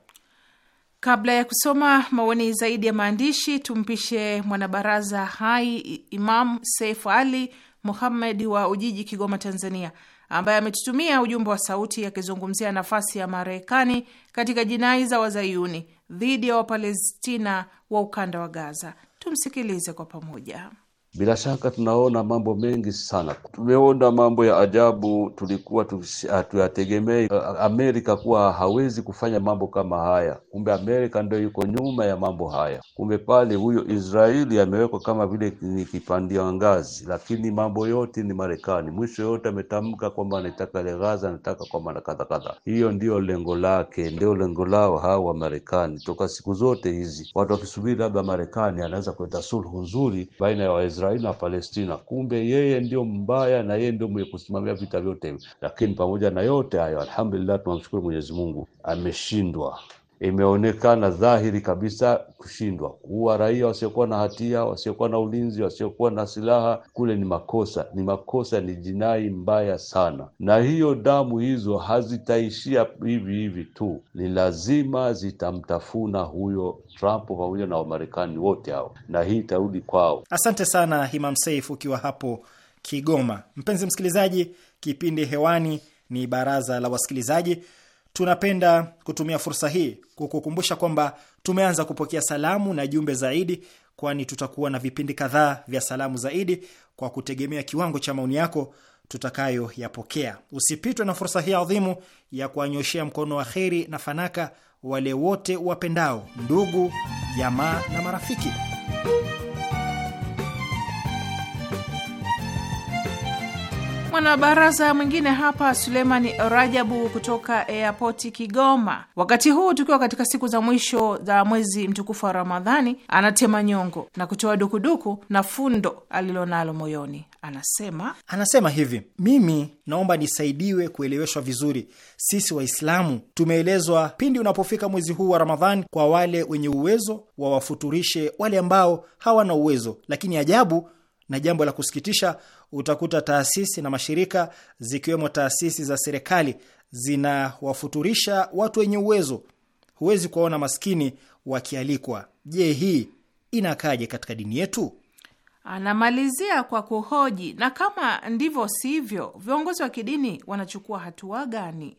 Kabla ya kusoma maoni zaidi ya maandishi, tumpishe mwanabaraza hai Imam Seif Ali Muhammed wa Ujiji, Kigoma, Tanzania, ambaye ametutumia ujumbe wa sauti akizungumzia nafasi ya Marekani katika jinai za wazayuni dhidi ya Wapalestina wa ukanda wa Gaza. Tumsikilize kwa pamoja. Bila shaka tunaona mambo mengi sana, tumeona mambo ya ajabu, tulikuwa hatuyategemei Amerika kuwa hawezi kufanya mambo kama haya. Kumbe Amerika ndio yuko nyuma ya mambo haya. Kumbe pale huyo Israeli amewekwa kama vile ni kipandia ngazi, lakini mambo yote ni Marekani. Mwisho yote ametamka kwamba anataka Gaza, anataka kwamba na kadha kadha. Hiyo ndiyo lengo lake, ndio lengo lao hawa wa Marekani toka siku zote hizi, watu wakisubiri labda Marekani anaweza kuleta sulhu nzuri baina ya Waisraeli Israeli na Palestina. Kumbe yeye ndio mbaya na yeye ndio mwenye kusimamia vita vyote hivi, lakini pamoja na yote hayo, alhamdulillah, tunamshukuru Mwenyezi Mungu ameshindwa imeonekana dhahiri kabisa kushindwa. Kuua raia wasiokuwa na hatia, wasiokuwa na ulinzi, wasiokuwa na silaha kule ni makosa, ni makosa, ni jinai mbaya sana, na hiyo damu hizo hazitaishia hivi hivi tu, ni lazima zitamtafuna huyo Trump pamoja na Wamarekani wote hao, na hii itarudi kwao. Asante sana Imam Seif ukiwa hapo Kigoma. Mpenzi msikilizaji, kipindi hewani ni Baraza la Wasikilizaji. Tunapenda kutumia fursa hii kukukumbusha kwamba tumeanza kupokea salamu na jumbe zaidi, kwani tutakuwa na vipindi kadhaa vya salamu zaidi kwa kutegemea kiwango cha maoni yako tutakayoyapokea. Usipitwe na fursa hii adhimu ya kuwanyoshea mkono wa kheri na fanaka wale wote wapendao, ndugu, jamaa na marafiki. Mwanabaraza mwingine hapa Sulemani Rajabu kutoka airpoti Kigoma. Wakati huu tukiwa katika siku za mwisho za mwezi mtukufu wa Ramadhani, anatema nyongo na kutoa dukuduku na fundo alilonalo moyoni. Anasema anasema hivi, mimi naomba nisaidiwe kueleweshwa vizuri. Sisi Waislamu tumeelezwa pindi unapofika mwezi huu wa Ramadhani, kwa wale wenye uwezo wawafuturishe wale ambao hawana uwezo, lakini ajabu na jambo la kusikitisha utakuta taasisi na mashirika zikiwemo taasisi za serikali zinawafuturisha watu wenye uwezo. Huwezi kuwaona maskini wakialikwa. Je, hii inakaje katika dini yetu? Anamalizia kwa kuhoji, na kama ndivyo sivyo, viongozi wa kidini wanachukua hatua gani?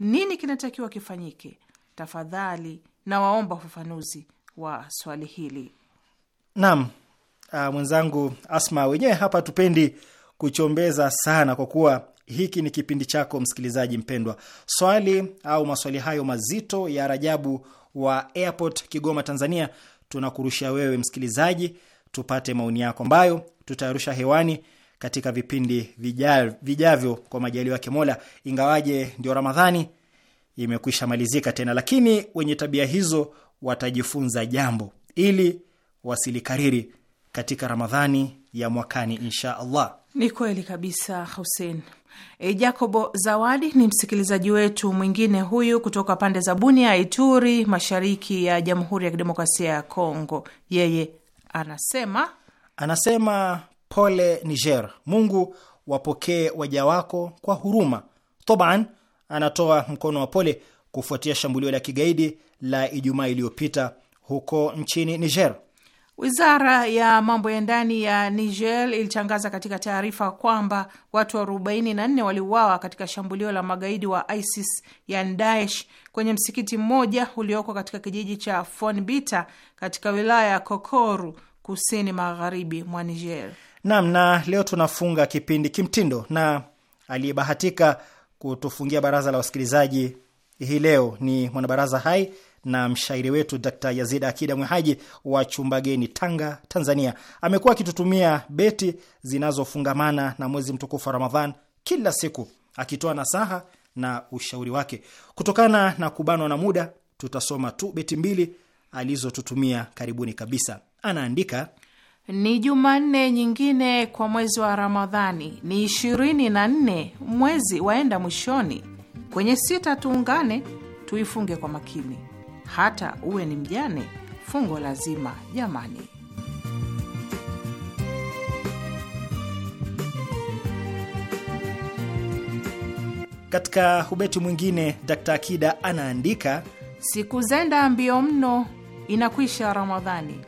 Nini kinatakiwa kifanyike? Tafadhali nawaomba ufafanuzi wa swali hili. Naam, uh, mwenzangu Asma, wenyewe hapa tupendi kuchombeza sana, kwa kuwa hiki ni kipindi chako msikilizaji mpendwa. Swali au maswali hayo mazito ya Rajabu wa Airport Kigoma, Tanzania, tunakurusha wewe msikilizaji, tupate maoni yako ambayo tutayarusha hewani katika vipindi vijavyo kwa majaliwa yake Mola, ingawaje ndio Ramadhani imekwisha malizika tena, lakini wenye tabia hizo watajifunza jambo ili wasilikariri katika Ramadhani ya mwakani insha Allah. Ni kweli kabisa Husein. E, Jacobo Zawadi ni msikilizaji wetu mwingine huyu kutoka pande za Bunia, Ituri, mashariki ya Jamhuri ya Kidemokrasia ya Kongo. Yeye anasema anasema pole Niger, Mungu wapokee waja wako kwa huruma. Toban anatoa mkono wa pole kufuatia shambulio la kigaidi la Ijumaa iliyopita huko nchini Niger. Wizara ya mambo ya ndani ya Niger ilitangaza katika taarifa kwamba watu 44 waliuawa katika shambulio la magaidi wa ISIS ya Daesh kwenye msikiti mmoja ulioko katika kijiji cha Fonbita katika wilaya ya Kokoru kusini magharibi mwa Niger. Naam, na leo tunafunga kipindi kimtindo, na aliyebahatika kutufungia baraza la wasikilizaji hii leo ni mwanabaraza hai na mshairi wetu Dr Yazid Akida Mwehaji wa Chumbageni, Tanga, Tanzania. Amekuwa akitutumia beti zinazofungamana na mwezi mtukufu wa Ramadhan kila siku akitoa nasaha na ushauri wake. Kutokana na kubanwa na muda, tutasoma tu beti mbili alizotutumia karibuni kabisa. Anaandika: ni Jumanne nyingine kwa mwezi wa Ramadhani, ni ishirini na nne mwezi waenda mwishoni, kwenye sita tuungane, tuifunge kwa makini hata uwe ni mjane, fungo lazima jamani. Katika ubeti mwingine, Dr. Akida anaandika siku zenda mbio mno, inakwisha Ramadhani.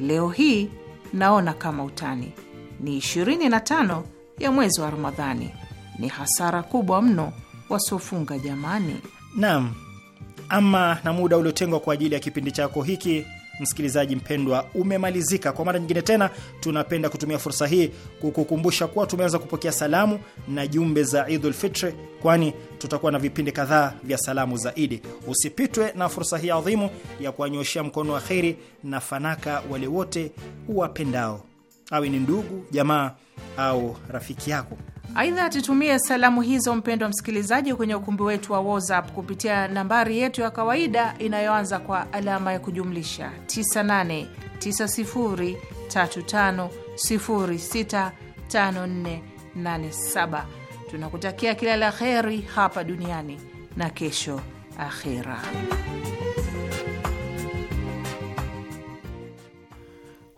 Leo hii naona kama utani, ni 25 ya mwezi wa Ramadhani. Ni hasara kubwa mno wasiofunga jamani. Naam. Ama na muda uliotengwa kwa ajili ya kipindi chako hiki msikilizaji mpendwa, umemalizika. Kwa mara nyingine tena, tunapenda kutumia fursa hii kukukumbusha kuwa tumeanza kupokea salamu na jumbe za Idul Fitri, kwani tutakuwa na vipindi kadhaa vya salamu zaidi Usipitwe na fursa hii adhimu ya kuwanyoshea mkono wa kheri na fanaka wale wote uwapendao, awe ni ndugu, jamaa au rafiki yako. Aidha, tutumie salamu hizo mpendwa msikilizaji, kwenye ukumbi wetu wa WhatsApp kupitia nambari yetu ya kawaida inayoanza kwa alama ya kujumlisha 989035065487. Tunakutakia kila la heri hapa duniani na kesho akhira.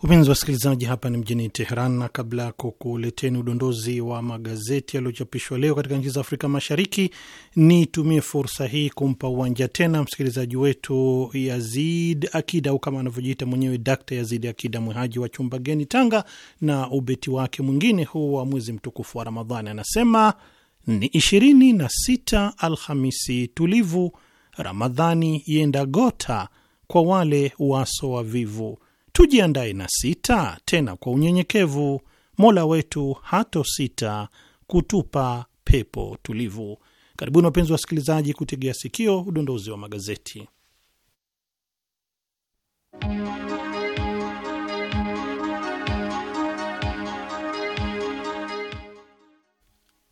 Upenzi wasikilizaji, hapa ni mjini Teheran, na kabla ya kukuleteni udondozi wa magazeti yaliyochapishwa leo katika nchi za Afrika Mashariki, nitumie fursa hii kumpa uwanja tena msikilizaji wetu Yazid Akida au kama anavyojiita mwenyewe Dakta Yazid Akida Mwehaji wa chumba geni Tanga, na ubeti wake mwingine huu wa mwezi mtukufu wa Ramadhani. Anasema ni ishirini na sita Alhamisi tulivu, Ramadhani yenda gota kwa wale waso wavivu tujiandae na sita, tena kwa unyenyekevu. Mola wetu hato sita kutupa pepo tulivu. Karibuni wapenzi wasikilizaji, kutegea sikio udondozi wa magazeti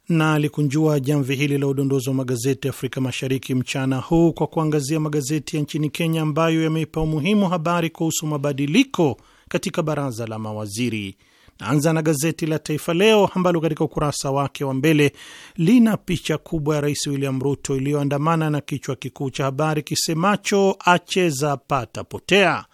na alikunjua jamvi hili la udondozi wa magazeti Afrika Mashariki mchana huu kwa kuangazia magazeti ya nchini Kenya ambayo yameipa umuhimu habari kuhusu mabadiliko katika baraza la mawaziri. Naanza na gazeti la Taifa Leo ambalo katika ukurasa wake wa mbele lina picha kubwa ya Rais William Ruto iliyoandamana na kichwa kikuu cha habari kisemacho acheza pata potea.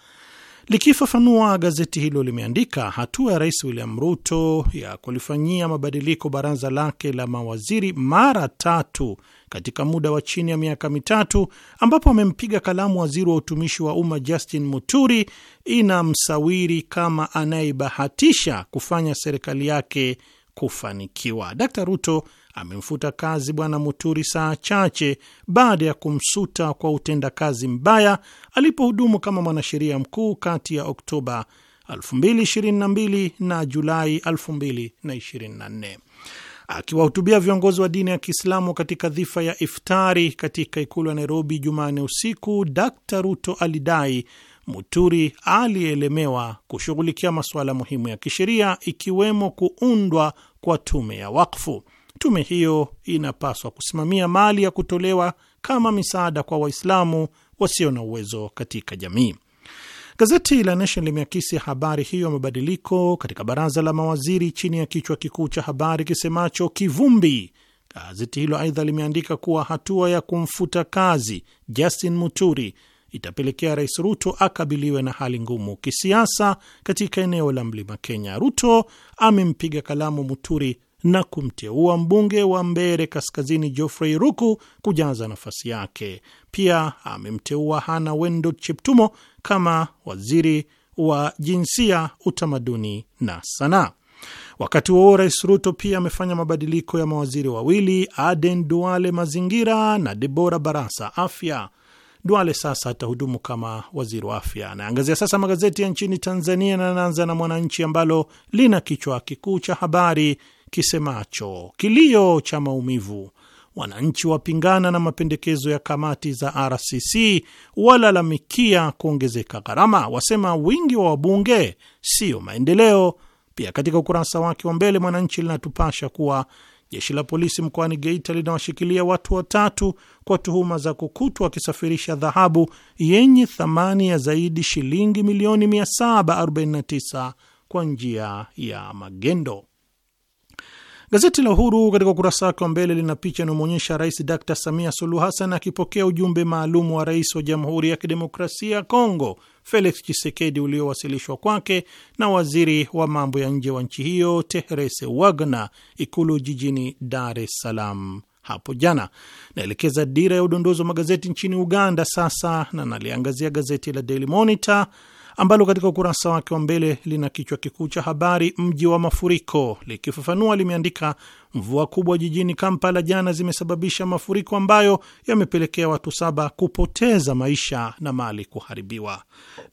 Likifafanua, gazeti hilo limeandika hatua ya Rais William Ruto ya kulifanyia mabadiliko baraza lake la mawaziri mara tatu katika muda wa chini ya miaka mitatu, ambapo amempiga kalamu waziri wa utumishi wa umma Justin Muturi, inamsawiri kama anayebahatisha kufanya serikali yake kufanikiwa. Dkt Ruto amemfuta kazi Bwana Muturi saa chache baada ya kumsuta kwa utendakazi mbaya alipohudumu kama mwanasheria mkuu kati ya Oktoba 2022 na Julai 2024. Akiwahutubia viongozi wa dini ya Kiislamu katika dhifa ya iftari katika ikulu ya Nairobi Jumanne usiku, Dkt Ruto alidai Muturi alielemewa kushughulikia masuala muhimu ya kisheria ikiwemo kuundwa kwa tume ya wakfu. Tume hiyo inapaswa kusimamia mali ya kutolewa kama misaada kwa Waislamu wasio na uwezo katika jamii. Gazeti la Nation limeakisi habari hiyo ya mabadiliko katika baraza la mawaziri chini ya kichwa kikuu cha habari kisemacho kivumbi. Gazeti hilo aidha limeandika kuwa hatua ya kumfuta kazi Justin Muturi itapelekea Rais Ruto akabiliwe na hali ngumu kisiasa katika eneo la mlima Kenya. Ruto amempiga kalamu Muturi na kumteua mbunge wa mbere Kaskazini Geoffrey Ruku kujaza nafasi yake. Pia amemteua Hana Wendo Cheptumo kama waziri wa jinsia, utamaduni na sanaa. Wakati huo Rais Ruto pia amefanya mabadiliko ya mawaziri wawili, Aden Duale mazingira na Debora Barasa afya. Duale sasa atahudumu kama waziri wa afya. Anaangazia sasa magazeti ya nchini Tanzania na anaanza na Mwananchi ambalo lina kichwa kikuu cha habari kisemacho kilio cha maumivu, wananchi wapingana na mapendekezo ya kamati za RCC, walalamikia kuongezeka gharama, wasema wingi wa wabunge siyo maendeleo. Pia katika ukurasa wake wa mbele Mwananchi linatupasha kuwa jeshi la polisi mkoani Geita linawashikilia watu watatu kwa tuhuma za kukutwa wakisafirisha dhahabu yenye thamani ya zaidi shilingi milioni 749 kwa njia ya magendo. Gazeti la Uhuru katika ukurasa wake wa mbele lina picha inayomwonyesha Rais Dr Samia Suluhu Hassan akipokea ujumbe maalum wa rais wa Jamhuri ya Kidemokrasia ya Kongo Felix Chisekedi uliowasilishwa kwake na waziri wa mambo ya nje wa nchi hiyo Tehrese Wagner Ikulu jijini Dar es Salaam hapo jana. Naelekeza dira ya udondozi wa magazeti nchini Uganda sasa, na naliangazia gazeti la Daily Monitor ambalo katika ukurasa wake wa mbele lina kichwa kikuu cha habari mji wa mafuriko. Likifafanua limeandika mvua kubwa jijini Kampala jana zimesababisha mafuriko ambayo yamepelekea watu saba kupoteza maisha na mali kuharibiwa.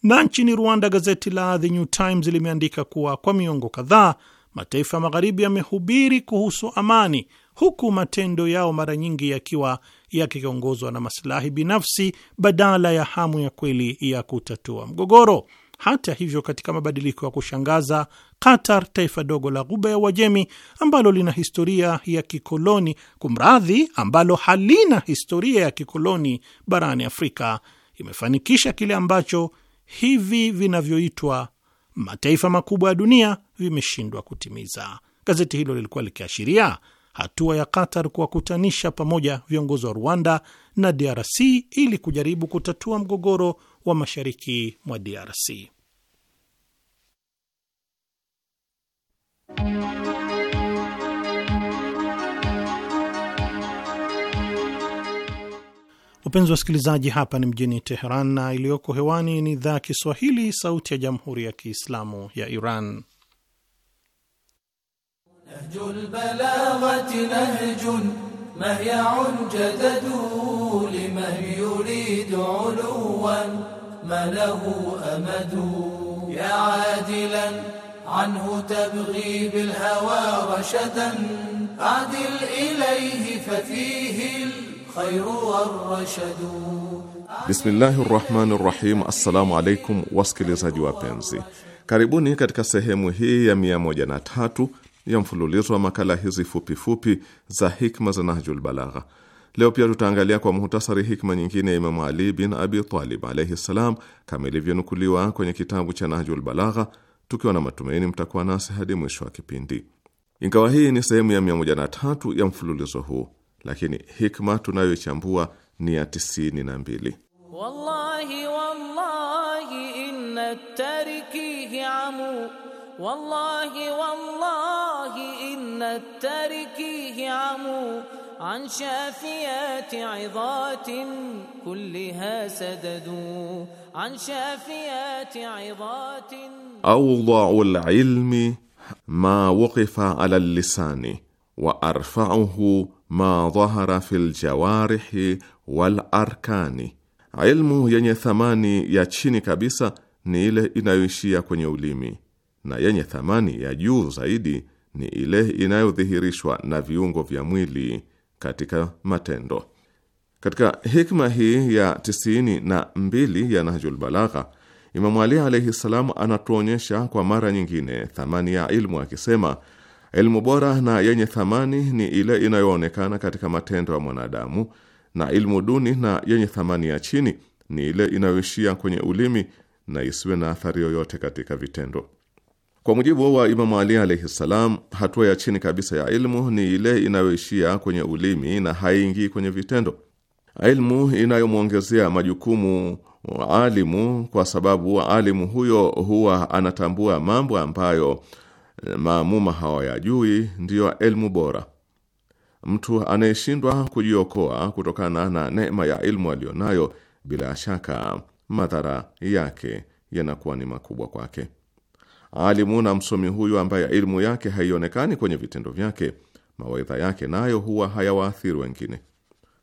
Na nchini Rwanda, gazeti la The New Times limeandika kuwa kwa miongo kadhaa mataifa ya magharibi yamehubiri kuhusu amani huku matendo yao mara nyingi yakiwa yakiongozwa na masilahi binafsi badala ya hamu ya kweli ya kutatua mgogoro. Hata hivyo, katika mabadiliko ya kushangaza, Qatar, taifa dogo la Ghuba ya Uajemi ambalo lina historia ya kikoloni kumradhi, ambalo halina historia ya kikoloni barani Afrika, imefanikisha kile ambacho hivi vinavyoitwa mataifa makubwa ya dunia vimeshindwa kutimiza. Gazeti hilo lilikuwa likiashiria hatua ya Qatar kuwakutanisha pamoja viongozi wa Rwanda na DRC ili kujaribu kutatua mgogoro wa mashariki mwa DRC. upenzi wa wasikilizaji, hapa ni mjini Teheran na iliyoko hewani ni idhaa ya Kiswahili, Sauti ya Jamhuri ya Kiislamu ya Iran. نهج البلاغة نهج مهيع جدد لمن يريد علوا ما له أمد يا عادلا عنه تبغي بالهوى رشدا عدل إليه ففيه الخير والرشد بسم الله الرحمن الرحيم السلام عليكم واسكلي زاجوا بنزي karibuni katika sehemu hii ya mia na tatu ya mfululizo wa makala hizi fupifupi fupi za hikma za Nahjul Balagha. Leo pia tutaangalia kwa muhtasari hikma nyingine ya Imamu Ali bin Abi Talib alaihi ssalam, kama ilivyonukuliwa kwenye kitabu cha Nahjul Balagha, tukiwa na matumaini mtakuwa nasi hadi mwisho wa kipindi. Ingawa hii ni sehemu ya 103 ya mfululizo huu, lakini hikma tunayoichambua ni ya 92. Wallahi wallahi inna tarikihi amu والله والله إن التاركيه عمو عن شافيات عظات كلها سددوا عن شافيات عظات أوضع العلم ما وقف على اللسان وأرفعه ما ظهر في الجوارح والأركان. علم ينثماني thamani ya chini إنا ni ile na yenye thamani ya juu zaidi ni ile inayodhihirishwa na viungo vya mwili katika matendo. Katika hikma hii ya tisini na mbili ya Nahjul Balagha, Imamu Ali alaihi ssalam anatuonyesha kwa mara nyingine thamani ya ilmu akisema, ilmu bora na yenye thamani ni ile inayoonekana katika matendo ya mwanadamu, na ilmu duni na yenye thamani ya chini ni ile inayoishia kwenye ulimi na isiwe na athari yoyote katika vitendo. Kwa mujibu wa Imamu Ali alaihi ssalam, hatua ya chini kabisa ya ilmu ni ile inayoishia kwenye ulimi na haingii kwenye vitendo. Ilmu inayomwongezea majukumu alimu, kwa sababu alimu huyo huwa anatambua mambo ambayo maamuma hawayajui, ndiyo ilmu bora. Mtu anayeshindwa kujiokoa kutokana na neema ya ilmu aliyonayo, bila shaka madhara yake yanakuwa ni makubwa kwake. Alimu na msomi huyu ambaye ilmu yake haionekani kwenye vitendo vyake, mawaidha yake nayo huwa hayawaathiri wengine.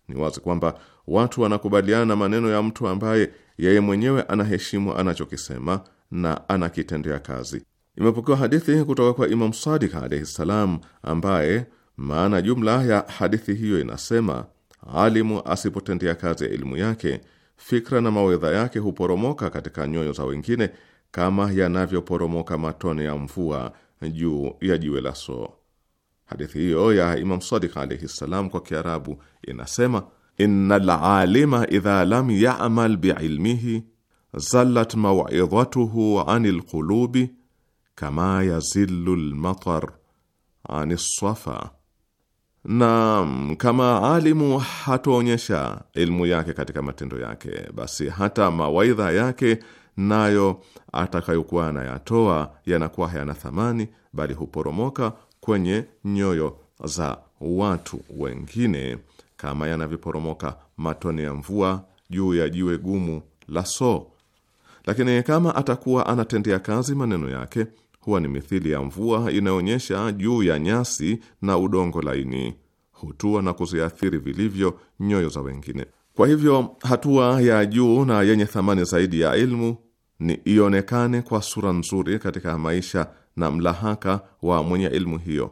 Ni wazi kwamba watu wanakubaliana na maneno ya mtu ambaye yeye mwenyewe anaheshimu anachokisema na anakitendea kazi. Imepokewa hadithi kutoka kwa Imam Sadik alaihi ssalam, ambaye maana jumla ya hadithi hiyo inasema, alimu asipotendea kazi ya elimu yake, fikra na mawaidha yake huporomoka katika nyoyo za wengine kama yanavyoporomoka matone ya mvua juu ya jiwe la soo. Hadithi hiyo ya Imam Sadiq alaihi ssalam kwa Kiarabu inasema innal lalima idha lam ya'mal biilmihi zallat maw'idhatuhu an lqulubi kama yazillu lmatar an lswafa na kama alimu hatoonyesha ilmu yake katika matendo yake, basi hata mawaidha yake nayo atakayokuwa anayatoa yanakuwa hayana thamani, bali huporomoka kwenye nyoyo za watu wengine kama yanavyoporomoka matone ya mvua juu ya jiwe gumu la soo. Lakini kama atakuwa anatendea kazi maneno yake, huwa ni mithili ya mvua inayoonyesha juu ya nyasi na udongo laini, hutua na kuziathiri vilivyo nyoyo za wengine. Kwa hivyo hatua ya juu na yenye thamani zaidi ya ilmu ni ionekane kwa sura nzuri katika maisha na mlahaka wa mwenye ilmu hiyo.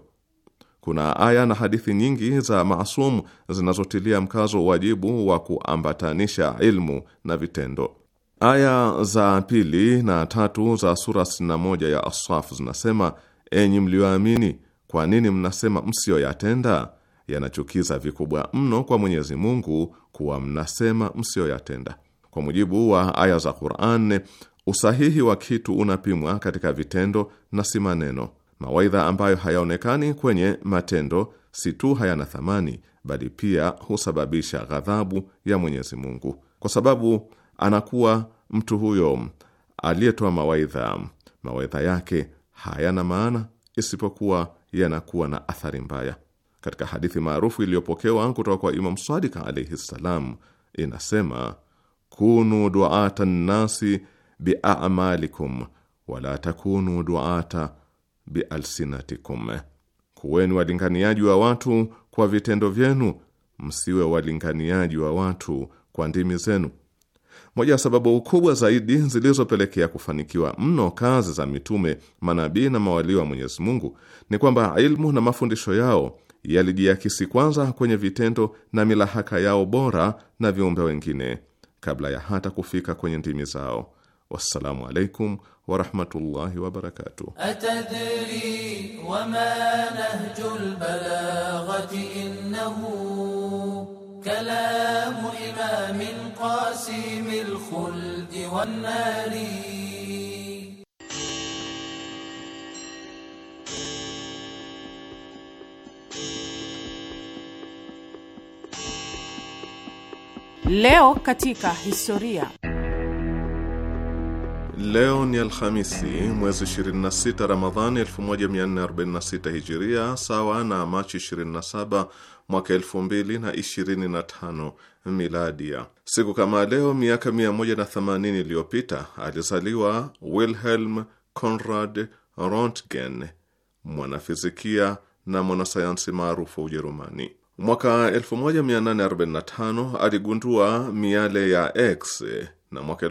Kuna aya na hadithi nyingi za maasum zinazotilia mkazo wajibu wa kuambatanisha ilmu na vitendo. Aya za pili na tatu za sura 61 ya Asaf zinasema: enyi mlioamini, kwa nini mnasema msiyoyatenda? Yanachukiza vikubwa mno kwa Mwenyezi Mungu kuwa mnasema msiyoyatenda. Kwa mujibu wa aya za Qur'an, Usahihi wa kitu unapimwa katika vitendo na si maneno. Mawaidha ambayo hayaonekani kwenye matendo si tu hayana thamani, bali pia husababisha ghadhabu ya Mwenyezi Mungu, kwa sababu anakuwa mtu huyo aliyetoa mawaidha, mawaidha yake hayana maana isipokuwa yanakuwa na athari mbaya. Katika hadithi maarufu iliyopokewa kutoka kwa Imam Sadiq alaihi ssalam, inasema kunu duata nnasi biamalikum wala takunu duata bialsinatikum, kuweni walinganiaji wa watu kwa vitendo vyenu, msiwe walinganiaji wa watu kwa ndimi zenu. Moja ya sababu kubwa zaidi zilizopelekea kufanikiwa mno kazi za mitume, manabii na mawalio wa Mwenyezi Mungu ni kwamba ilmu na mafundisho yao yalijiakisi kwanza kwenye vitendo na milahaka yao bora na viumbe wengine kabla ya hata kufika kwenye ndimi zao. Wassalamu alaikum warahmatullahi wabarakatuh. Atadri wama nahjul balaghati innahu kalamu imamin qasimil khuldi wan nari Leo katika historia. Leo ni Alhamisi, mwezi 26 Ramadhani 1446 Hijiria, sawa na Machi 27 mwaka 2025 Miladia. Siku kama leo miaka 180 iliyopita alizaliwa Wilhelm Conrad Rontgen, mwanafizikia na mwanasayansi maarufu wa Ujerumani. Mwaka 1845 aligundua miale ya X na mwaka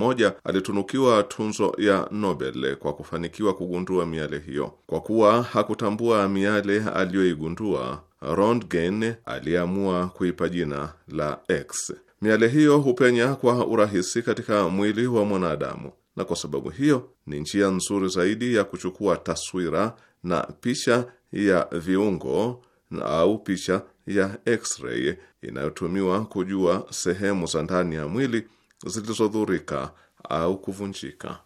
moja alitunukiwa tunzo ya Nobel kwa kufanikiwa kugundua miale hiyo. Kwa kuwa hakutambua miale aliyoigundua, Rontgen aliamua kuipa jina la X. Miale hiyo hupenya kwa urahisi katika mwili wa mwanadamu, na kwa sababu hiyo ni njia nzuri zaidi ya kuchukua taswira na picha ya viungo au picha ya X-ray inayotumiwa kujua sehemu za ndani ya mwili zilizodhurika au kuvunjika.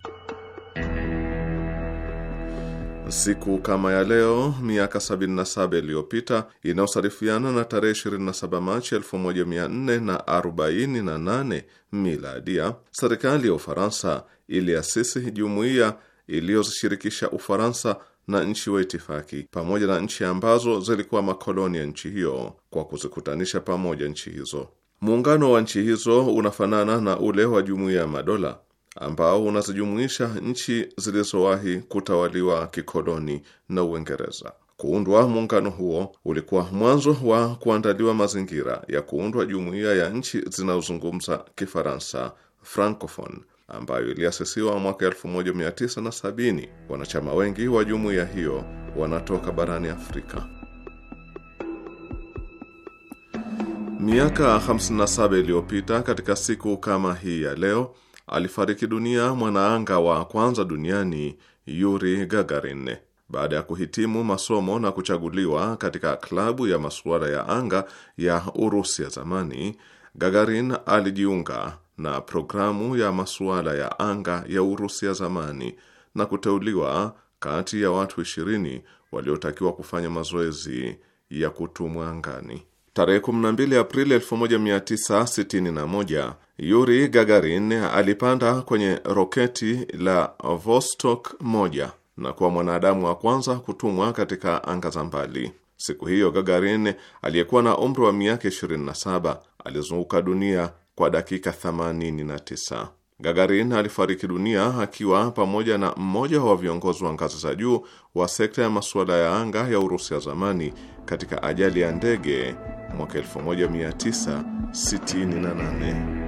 Siku kama ya leo miaka 77 iliyopita inayosarifiana na tarehe 27 Machi 1448 miladia, serikali ya Ufaransa iliasisi jumuiya iliyozishirikisha Ufaransa na nchi wa itifaki pamoja na nchi ambazo zilikuwa makoloni ya nchi hiyo kwa kuzikutanisha pamoja nchi hizo. Muungano wa nchi hizo unafanana na ule wa Jumuiya ya Madola ambao unazijumuisha nchi zilizowahi kutawaliwa kikoloni na Uingereza. Kuundwa muungano huo ulikuwa mwanzo wa kuandaliwa mazingira ya kuundwa jumuiya ya nchi zinazozungumza Kifaransa, Francophone, ambayo iliasisiwa mwaka 1970. Wanachama wengi wa jumuiya hiyo wanatoka barani Afrika. Miaka 57 iliyopita katika siku kama hii ya leo alifariki dunia mwanaanga wa kwanza duniani Yuri Gagarin baada ya kuhitimu masomo na kuchaguliwa katika klabu ya masuala ya anga ya Urusi ya zamani. Gagarin alijiunga na programu ya masuala ya anga ya Urusi ya zamani na kuteuliwa kati ya watu ishirini waliotakiwa kufanya mazoezi ya kutumwa angani. Tarehe 12 Aprili 1961 Yuri Gagarin alipanda kwenye roketi la Vostok 1 na kuwa mwanadamu wa kwanza kutumwa katika anga za mbali. Siku hiyo Gagarin aliyekuwa na umri wa miaka 27 alizunguka dunia kwa dakika 89. Gagarin alifariki dunia akiwa pamoja na mmoja wa viongozi wa ngazi za juu wa sekta ya masuala ya anga ya Urusi ya zamani katika ajali ya ndege mwaka 1968.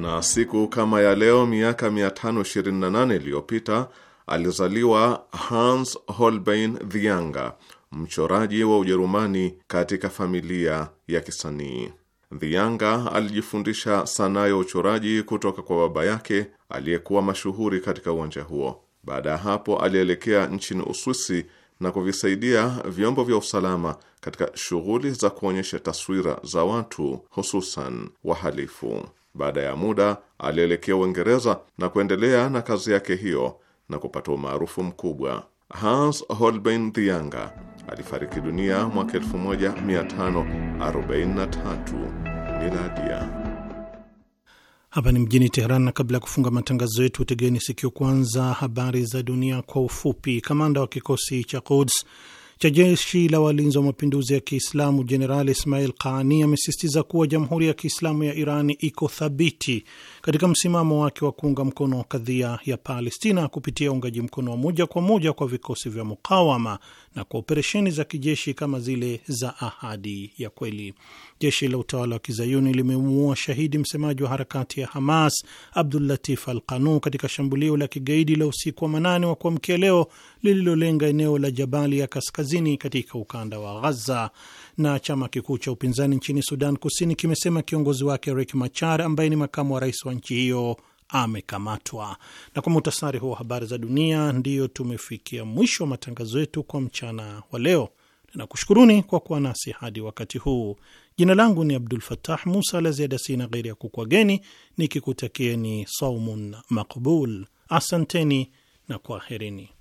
Na siku kama ya leo miaka 528 iliyopita alizaliwa Hans Holbein the Younger, mchoraji wa Ujerumani katika familia ya kisanii. Dhianga alijifundisha sanaa ya uchoraji kutoka kwa baba yake aliyekuwa mashuhuri katika uwanja huo. Baada ya hapo, alielekea nchini Uswisi na kuvisaidia vyombo vya usalama katika shughuli za kuonyesha taswira za watu, hususan wahalifu. Baada ya muda, alielekea Uingereza na kuendelea na kazi yake hiyo na kupata umaarufu mkubwa. Hans Holbein Dhianga alifariki dunia mwaka 1543 miladia. Hapa ni mjini Teheran, na kabla ya kufunga matangazo yetu, tegeni sikio kwanza habari za dunia kwa ufupi. Kamanda wa kikosi cha Quds cha jeshi la walinzi wa mapinduzi ya Kiislamu Jenerali Ismail Qaani amesisitiza kuwa jamhuri ya Kiislamu ya Iran iko thabiti katika msimamo wake wa kuunga mkono kadhia ya Palestina kupitia uungaji mkono wa moja kwa moja kwa vikosi vya mukawama na kwa operesheni za kijeshi kama zile za Ahadi ya Kweli. Jeshi la utawala wa kizayuni limemuua shahidi msemaji wa harakati ya Hamas Abdulatif al Qanu katika shambulio la kigaidi la usiku wa manane wa kuamkia leo lililolenga eneo la Jabali ya kaskazini katika ukanda wa Ghaza. Na chama kikuu cha upinzani nchini Sudan Kusini kimesema kiongozi wake Riek Machar ambaye ni makamu wa rais wa nchi hiyo amekamatwa. Na kwa muhtasari huo habari za dunia, ndiyo tumefikia mwisho wa matangazo yetu kwa mchana wa leo. Ninakushukuruni kwa kuwa nasi hadi wakati huu. Jina langu ni Abdul Fattah Musa. La ziada sina ghairi ya kukwageni nikikutakieni saumun maqbul. Asanteni na kwaherini.